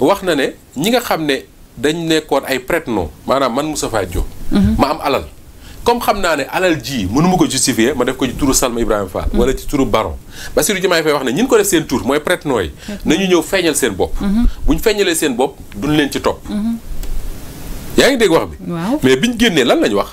wax na ne ñi nga xam ne dañ nekkoon ay prête-nom maanaam man Moustapha Diop mhm. ma am alal comme xam naa ne alal ji mënu ma ko justifier ma def ko ci turu Salma Ibrahima Fall mhm. wala ci turu baron Bassirou Diomaye Faye wax ne ñi ko def seen tur mooy prête-nom yi nañu ñëw feeñal seen bopp mhm. buñ feeñalee seen bopp duñ leen ci topp yaa ngi dégg wax bi mais bi biñ génnee lan lañ wax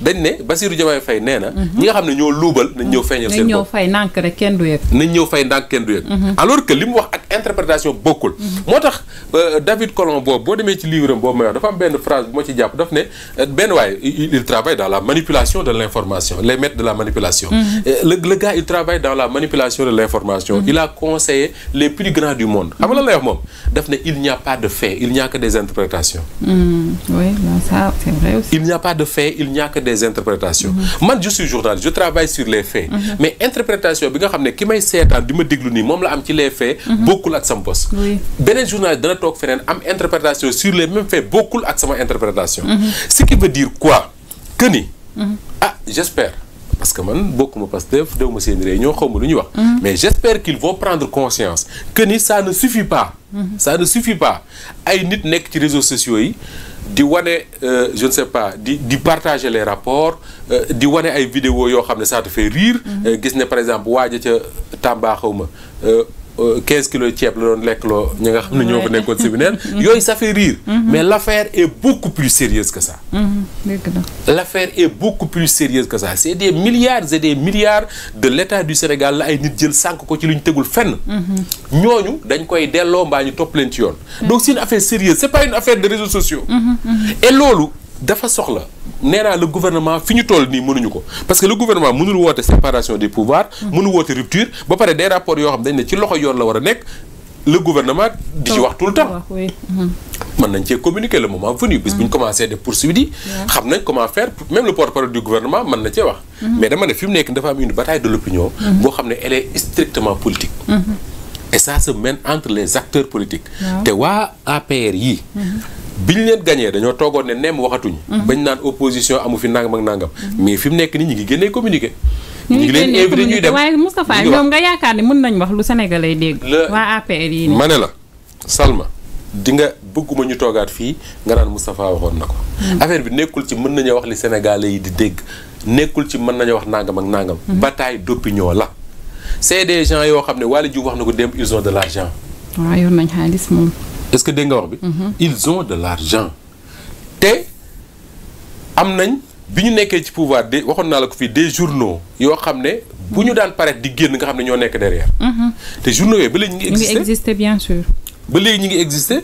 dañ ne Bassirou Diomaye Faye nee na ñi nga xam ne ñoo luubal nañ ñëw feeñal seen bopp nañ ñëw fay ndànk rek fay ndànk kenn interprétation bokkul. moo tax euh, David Colomb boobu boo demee ci livre am boobu may wax dafa am benn phrase bu ma ci jàpp daf ne euh, benn waaye il travaille dans la manipulation de l' information les maîtres de la manipulation. Mm-hmm. Euh, le le gars il travaille dans la manipulation de l' information. Mm-hmm. il a conseillé les plus grands du monde. xam nga lan moom daf ne il n'y a pas de fait il n'y a que des interprétations. Mm-hmm. oui il n'y a pas de fait il n'y a que des interprétations. man je bi nga xam ne ki may seetaan di ma déglu nii moom la am ci les faits. bokkul ak sama bos. beneen journaliste dana toog feneen am interprétation sur les mêmes bokkul ak sama interprétation. Mhm. ce qui veut dire quoi que ni. Mhm. ah j'espère parce que man bokkuma Pastef dew ma seen réunion lu ñu wax. Mhm. mais j'espère qu'ils vont prendre conscience que ni ça ne suffit pas. ça ne suffit pas ay nit nekk ci réseaux sociaux yi. di wane euh, je ne sais pas di di partager les rapports euh, di wane ay vidéo yoo xam ne ça te fait rire. Euh, gis ne par exemple waaja ca Tamba xaw ma 15 euh, kilos ceeb la doon lekk loo ñi nga xam ne ñoo fa nekkoon séminaire mm-hmm. yooyu ça fait rire mm-hmm. mais l'affaire est beaucoup plus sérieuse que ça mm-hmm. l'affaire est beaucoup plus sérieuse que ça c'est des milliards et des milliards de l'état du Sénégal la ay nit jël sànk ko ci lu ñu tegul fenn ñooñu dañ koy delloo mbaa ñu topp leen ci yoon donc c'est une affaire sérieuse c'est pas une affaire de réseaux sociaux et loolu dafa soxla nee naa le gouvernement fi ñu toll nii mënuñu ko parce que le gouvernement mënul woote séparation des pouvoirs. mënul woote rupture ba pare des rapports yoo xam dañ ne la war a nekk le gouvernement di ci oh, wax tout mën nañ cee communiquer le moment venu. bis bu ñu mm. commencé def poursuites yi. xam nañ comment faire même le porte du gouvernement mën na cee wax. Mm-hmm. mais dama ne fi mu nekk dafa am une bataille de l'opinion. Mm-hmm. boo xam ne elle strictement politique. Mm-hmm. et bi ñu leen gagné dañoo toogoon ne nemm waxatuñu. Mhm. bañ naan opposition amu fi nangam ak nangam. mais fi mu nekk nii ñu ngi génnee communiqué. ñu ngi leen ñuy dem waaye Moustapha ñoom nga yaakaar mën nañ wax lu Sénégalais dégg. waa APR yi ma ne la Salma di nga bëgguma ñu toogaat fii nga naan Moustapha waxoon na ko. Mhm. bi nekkul ci mën nañoo wax li Sénégalais yi di dégg nekkul ci mën nañoo wax nangam ak nangam. Mhm. bataille d'opinion la. c'est des gens yoo xam ne Waly Diouf wax na ko démb ils ont de l'argent. waaw yor nañ xaalis moom est-ce que dégg nga wax bi. Mhm. ils ont de l'argent. te am nañ bi ñu nekkee ci pouvoir de waxoon naa la ko fii des journaux yoo xam ne bu ñu mhm. daan paraître di génn nga xam ne ñoo nekk derrière. Mhm. te journaux yooyu ba léegi ñu ngi. existé bien sûr. ba léegi ñu ngi exister.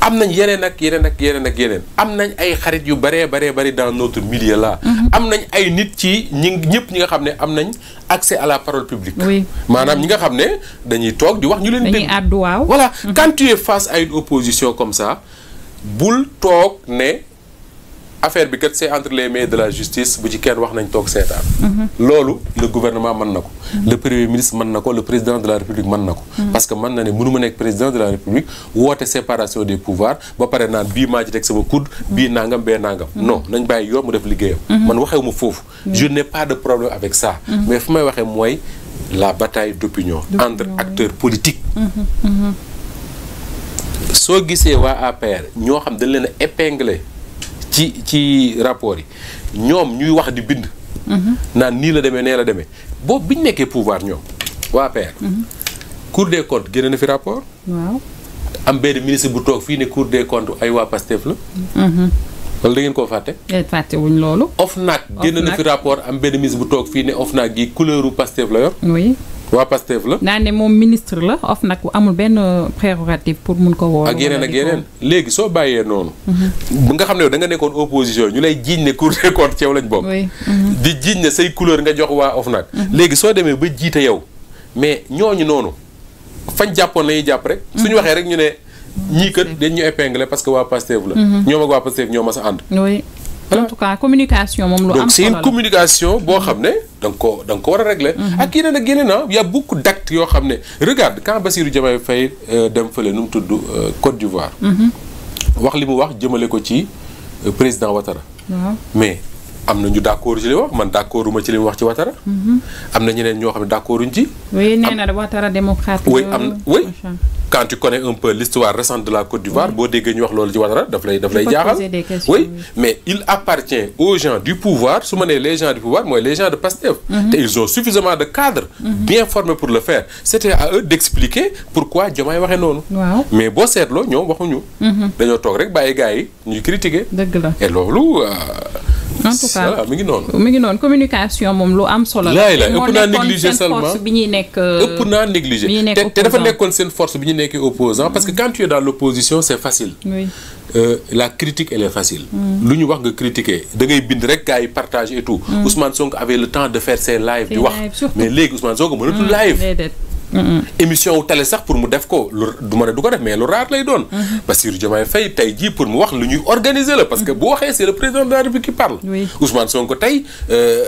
am nañ yeneen ak yeneen ak yeneen ak yeneen. am nañ ay xarit yu baree baree bari dans notre milieu là. Mhm. am nañ ay nit ci ñi ñëpp ñi nga xam ne am nañ accès à la parole publique. maanaam ñi nga xam ne dañuy toog di wax ñu leen. dañuy àddu wala voilà mhm. quand tu es face à opposition comme ça bul toog ne. affaire bi kat c'est entre les mains de la justice bu ci kenn wax nañ toog seetaan. loolu le gouvernement mën na ko. le premier ministre mën na ko le président de la république mën na ko. parce que mën na ne mënu ma nekk président de la république woote séparation des pouvoirs ba pare naan bii maa ci sama kudd bii nangam bee nangam. non nañ bàyyi yoon mu def liggéeyam. man waxewu ma foofu. je n'ai pas de problème avec ça. mais fu may waxee mooy la bataille d'opinion entre acteurs politiques. Mhm, mhm. soo gisee waa APR ñoo xam dañ leen a épingler. ci ci rapport yi ñoom ñuy wax di bind. Mhm. naan nii la demee nee la demee boobu bi ñu nekkee pouvoir ñoom waa PR. Mhm. cour des comptes génne na fi rapport. waaw am benn ministre bu toog fii ne cour de comptes ay waa Pastef la. wala mhm. da ngeen koo fàtte. Eh, fàtte wuñ loolu. OFNAC génne na fi rapport am benn ministre bu toog fii ne OFNAC gi couleuru Pastef la yor. waa Pastef la. naa ne moom ministre la of nag amul benn prérogative pour mun ko woo. ak yeneen ak yeneen léegi soo bàyyee noonu. bu mhm. nga xam ne da nga nekkoon opposition ñu lay jiiñ ne Cour des comptes ci yow mhm. di jiiñ ne say couleur nga jox waa of nag. Mhm. léegi soo demee ba jiite yow mais ñooñu noonu fañ jàppoon la jàpp rek. suñu waxee rek ñu ne ñii kat dañ ñu épinglé parce que waa Pastef la. ñoom ak waa Pastef ñoo mas a ànd. en tout cas communication moom lu am solo communication boo xam ne da nga koo da nga ko war a régler. Mhm. ak yeneen ak yeneen ah y a beaucoup yoo xam ne regarde quand Bassirou Diomaye Faye euh, dem fële nu mu tudd euh, Côte d'Ivoire. Mhm. wax li mu wax jëmale ko ci euh, président Ouattara. mais am na ñu d' ci li wax man d' ci li wax ci Ouattara. Mm-hmm. am na ñeneen ñoo xam ne d' ci. oui nee na Ouattara démocrate. oui am na oui. quand tu connais un peu l'histoire récente de la Côte d'Ivoire boo déggee ñu wax loolu ci Ouattara daf lay daf lay jaaxal oui mais il appartient aux gens du pouvoir su ma nee les gens du pouvoir mooy les gens de Pastef mm-hmm. te ils ont suffisamment de cadres mm-hmm. bien formés pour le faire c'était à eux d'expliquer en tout ngi noonu. mi ngi noonu communication moom lu am solo la. laay euh, ëpp naa négligé bi ñuy nekk. ëpp naa négligé te te dafa nekkoon seen force bi ñu nekkee opposant parce que quand tu es dans c'est facile. Euh, la critique elle facile. Mm. lu ñu wax nga critiquer da ngay bind rek gars partage et tout. Mm. Ousmane Sonko avait le temps de faire ses lives di wax mais léegi Ousmane Sonko mënatul mm, live. Mm-hmm. émission wu télé sax pour mu def ko lu du ma du ko def mais lu raar lay doon. Mm-hmm. Bassirou Diomaye Faye tey jii pour mu wax lu ñuy organiser la parce que bu waxee c'est le président de la République qui parle. Ousmane Sonko tey euh,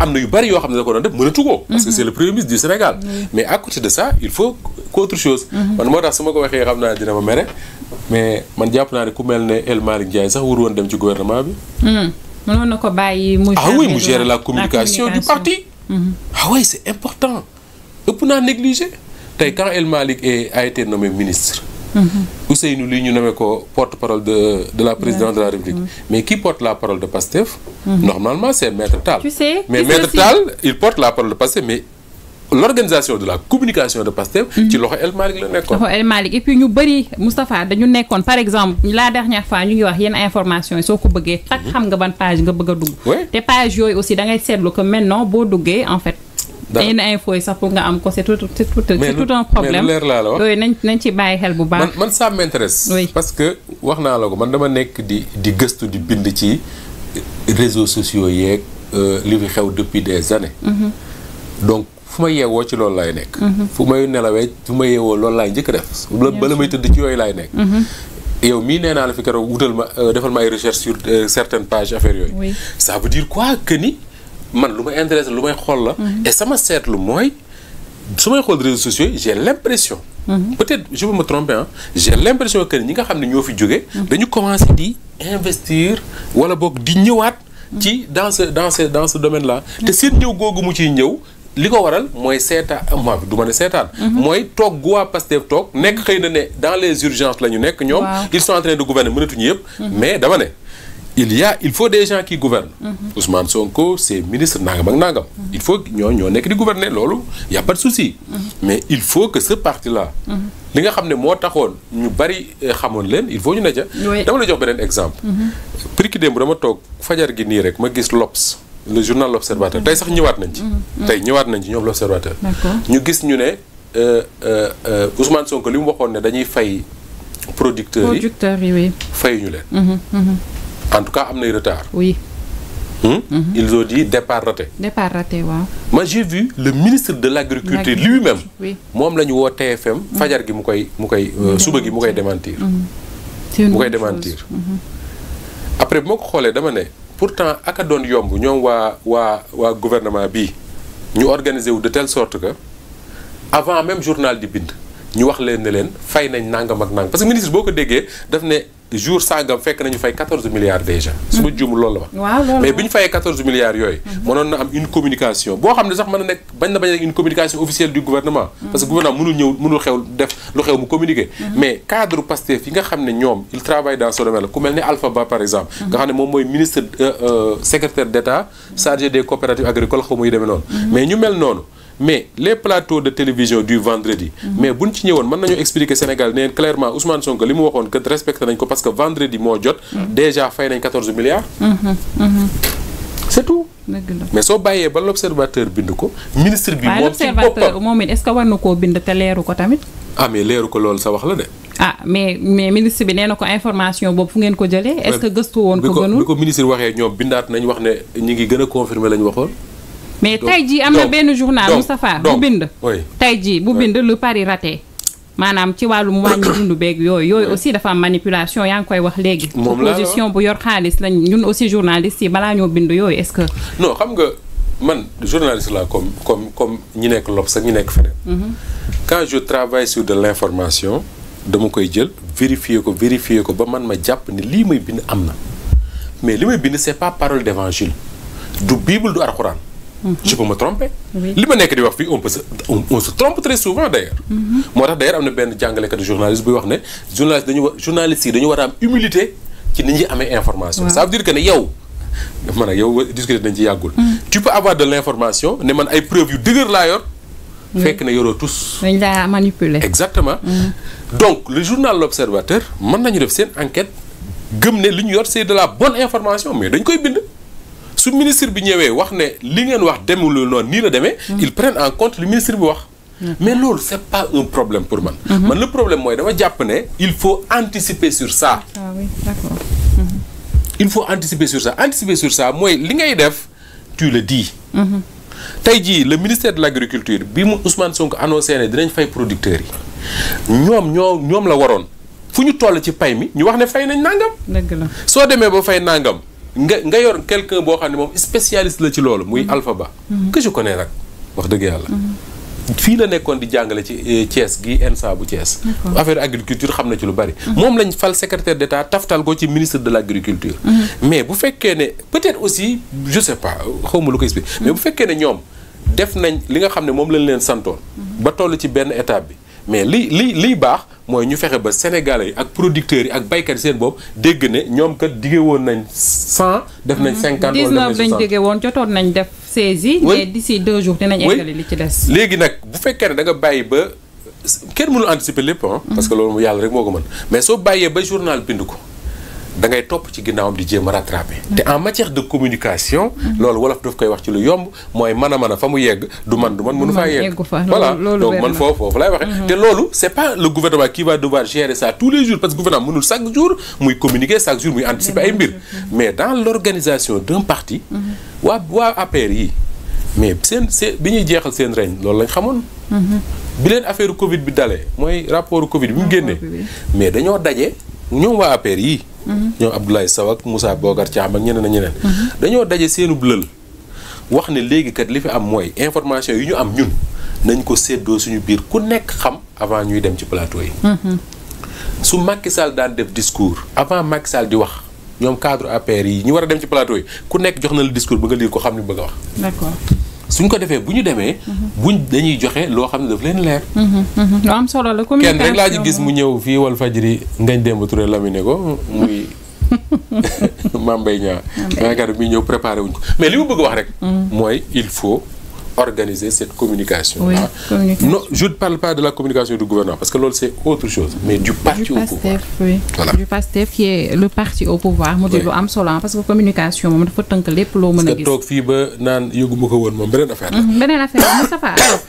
am na yu bari yoo xam ne da ko doon def mënatu ko. parce que mm-hmm. c'est le premier ministre Sénégal. mais à côté de ça il faut qu'autre chose. man moo tax su ma ko waxee xam naa dina ma mere mais man jàpp naa ne ku mel ne El Malick sax waru woon dem ci na ko bàyyi mu gérer ah mu gérer la communication du parti. Ah ëpp naa négligé tey quand El Malick a été nommé ministre mm-hmm. Ousseynou lii ñu nommé ko porte-parole de de de la République mm-hmm. mais qui porte la parole de Pastef mm-hmm. normalement c'est Maître Tall mais Maître Tall il porte la parole de Pastef mais l'organisation de la communication de Pastef ci loxo El Malick loxo El Malick et puis ñu bëri Moustapha dañu nekkoon par exemple la dernière fois ñu ngi wax yenn information yi soo ko bëggee tak xam nga ban a dara yenn info yi sax pour nga am ko c' est tout c' est tout c' est tout un problème mais leer laa la wax yooyu nañ nañ ci bàyyi xel bu baax. man man ça m' intéresse. oui parce que wax naa la ko man dama nekk di di gëstu di bind ci réseaux sociaux yeeg euh, li fi xew depuis des années. Mhm. donc fu ma yeewoo ci loolu laay nekk. Mhm. fu may nelawee fu ma yeewoo loolu laay njëkk def. bala may tëdd ci yooyu laay nekk. Mhm. yow mii nee naa la fi keroog wutal ma euh, defal ma ay recherche sur euh, certaines pages affaire yooyu. ça veut dire quoi que ni. man lu ma intéressé lu may xool la. Mhm. et sama seetlu mooy su may xool réseaux sociaux yi l'impression mhm. peut-être je ma me tromper ah j'ai l'impression que ñi nga xam ne ñoo fi jóge mhm. dañu commencé di investir wala boog di ñëwaat ci dans ce dans ce dans ce domaine là te seen ñëw googu mu ciy ñëw li ko waral mooy seetaan ma du ma ne seetaan mooy toog gu waa Pastef toog nekk xëy na ne dans les urgences la ñu nekk ñoom ils sont en train de mënatuñu yëpp mais dama ne il y il faut des gens qui gouvernent. Mhm. Ousmane Sonko c'est ministre nangam ak nangam. Mhm. il faut ñoo ñoo nekk di gouverner loolu y souci. Mhm. mais il faut que ce parti là. li nga xam ne moo taxoon ñu bari eh, xamoon leen il faut ñu ne ca. dama la jox beneen exemple. prix ki démb dama toog fajar gi nii rek ma gis L'Obs le journal L'Observateur tey sax ñëwaat nañ ci. tey ñëwaat nañ ci ñoom L'Observateur. ñu gis ñu ne euh, euh, euh, Ousmane Sonko li mu waxoon ne dañuy fay producteurs yi producteurs en tout cas am nay retard. oui. Hum? Mm -hmm. Mhm. ils départ raté. départ raté vu le ministre de l'agriculture lui-même. oui moom la ñu woo TFM. Mhm. fajar gi mu koy mu koy euh, suba gi mu koy démentir. Mhm. mu koy démentir. après bu ko xoolee dama ne pourtant aka doon yomb ñoom waa waa waa gouvernement bi ñu organiser wu de telle sorte que avant même journal di bind ñu wax leen ne leen fay nañ nangam ak nangam parce que ministre boo ko déggee daf ne. jour sangam fekk nañu fay 14 milliards déjà. su ma juumul loolu la wax. mais bi ñu fayee milliards yooyu. Mhm. mënoon na am une communication boo xam ne sax mën na nekk bañ na bañ a nekk une communication officielle du gouvernement. Mhm. parce que gouvernement mënul ñëw mënul xew def lu xew mu communiquer. Mhm. mais cadre Pastef yi nga xam ne ñoom il travaille dans ce domaine ku mel ne Alpha par exemple. nga xam ne moom mooy ministre euh, euh, secrétaire d' état chargé des coopératives agricoles demee noonu. mais ñu noonu. mais les plateaux de télévision du vendredi. mais buñ ci ñëwoon mën nañu expliquer Sénégal neen clairement Ousmane Sonko li mu waxoon que respecté nañ ko parce que vendredi moo jot. déjà fay nañ 14 milliards. c'est tout. mais soo bàyyee ba l'observateur bind ko. ministre bi moom ci boppam moom it est que war na koo bind te leeru ko tamit. ah mais leeru ko loolu sa wax la de. ah mais mais ministre bi nee na ko information boobu fu ngeen ko jëlee. est-ce que gëstu waxee ñoom bindaat nañ wax ne ñi ngi gën a confirmer lañ waxoon. mais tey jii am na benn journal Moustapha bu bind tey jii bu bind le pari raté maanaam ci wàllum wàññi dund beeg yooyu yooyu aussi dafa am manipulation yaa ngi koy wax léegi opposition bu yor xaalis lañ ñun aussi journaliste yi balaa ñoo bind yooyu est-ce que non xam nga man journaliste la comme comme comme ñu nekk lob sax ñu nekk feneen mhm. quand je travaille sur de l'information dama koy jël vérifier ko vérifier ko ba man ma jàpp ni lii may bind am na mais li may bind c'est pas parole d'évangile du bible du Mm-hmm. je peux me li ma nekk di wax fii on peut se on trompe très souvent d' mm-hmm. moo tax d' ailleurs am na benn jàngalekat journaliste buy wax ne journaliste dañu war journaliste yi dañu war a am humilité ci ni ñuy amee information. ça veut dire que ne yow. man ak yow discuter nañ ci yàggul. Mm. tu peux avoir de l' information ne man ay preuves yu dëgër laa yor. fekk na yoroo tous. dañ laa manipuler. exactement. Mm. donc le journal l' observateur mën nañu def seen enquête gëm ne li ñu yor c' est de la bonne information dañ koy bind. su ministre bi ñëwee wax ne li ngeen wax demulul noonu nii la demee. Mm-hmm. ils prennent en compte li ministre bi wax. mais loolu c'est pas un problème pour man. Mm-hmm. man le problème mooy dama jàpp ne il faut anticiper sur ça. Ah mm-hmm. il faut anticiper sur ça anticiper sur ça mooy li ngay def tu le dis. tey jii le ministère de l'agriculture bi mu Ousmane Sonko annoncé ne dinañ fay producteurs yi ñoom ñoo ñoom la waroon fu ñu toll ci pay mi ñu wax ne fay nañ nangam. dëgg la soo demee ba fay nangam. nga nga yor quelqu'un boo xam ne moom spécialiste la ci loolu muy mm-hmm. Alpha Ba mm-hmm. que je connais nag wax dëgg yàlla mm-hmm. fii la nekkoon di jàngale ci eh, Thiès gi ENSA bu Thiès affaire agriculture xam na ci lu bari moom lañ fal secrétaire d'État taftal ko ci ministre de l'agriculture mais bu fekkee ne peut-être aussi je sais pas xawma lu ko expliquer mais bu fekkee ne ñoom def nañ li nga xam ne moom lañ leen santoon ba toll ci benn étape bi mais li li liy baax mooy ñu fexe ba sénégalais yi ak producteurs yi ak baykat yi seen bopp dégg ne ñoom kat dige woon nañ cent def nañ mhm. cinquante wala lañ dige woon jotoon nañ def saisie. mais d'ici deux jours dinañ eggali li ci des. léegi nag bu fekkee ne da nga bàyyi ba kenn mënul anticiper lépp ah, parce que loolu yàlla rek moo ko mën mais soo bàyyee ba journal bind ko. dangay topp ci ginnaawam di jéem a rattrapé. te en matière de communication. loolu wolof daf koy wax ci lu yomb mooy mën a mën a fa mu yegg du man du man mënu faa yegg. voilà donc man foofu foofu laay waxee. Mhm. te loolu c' est pas le gouvernement qui va devoir gérer ça tous les jours parce que gouvernement mënul chaque jour muy communiquer chaque jour muy anticiper ay mbir. Mhm. mais dans l' organisation d' un parti. Mhm. waa waa APR yi mais seen seen bi ñuy jeexal seen reñ loolu lañ xamoon. bi leen affaire Covid bi dalee mooy rapport Covid mu génnee. mais dañoo daje ñoom waa yi ñoom Abdoulaye Sow ak Moussa Bogar Thiam ak ñeneen ak ñeneen. dañoo daje seenu blël wax ne léegi kat li fi am mooy information yi ñu am ñun nañ ko séddoo suñu biir ku nekk xam avant ñuy dem ci plateau yi. su Macky Sall daan def discours avant Macky Sall di wax ñoom cadre APR yi ñu war a dem ci plateau yi ku nekk jox na la discours ba nga lire ko xam ni bëgg a wax. suñ ko defee bu ñu demee. buñ dañuy joxe loo xam ne daf leen leer. lu solo la communication kenn rek laa ci gis mu ñëw fii wal fajiri ngañ démb Touré laminé ko muy Mame Mbaye Niang. Mame Mbaye Niang ñëw préparé wuñ ko mais li mu bëgg wax rek. Mm. mooy il faut. organiser cette communication là oui, communication. non parle pas de la communication du gouvernement parce que loolu c'est autre chose mais du parti au pouvoir du PASTEF qui le parti au pouvoir mu di lu am solo parce que communication moom dafa tënk lépp loo mën a gis. parce toog fii ba naan yëgu ko woon moom beneen affaire la. Mhm, beneen affaire la Moustapha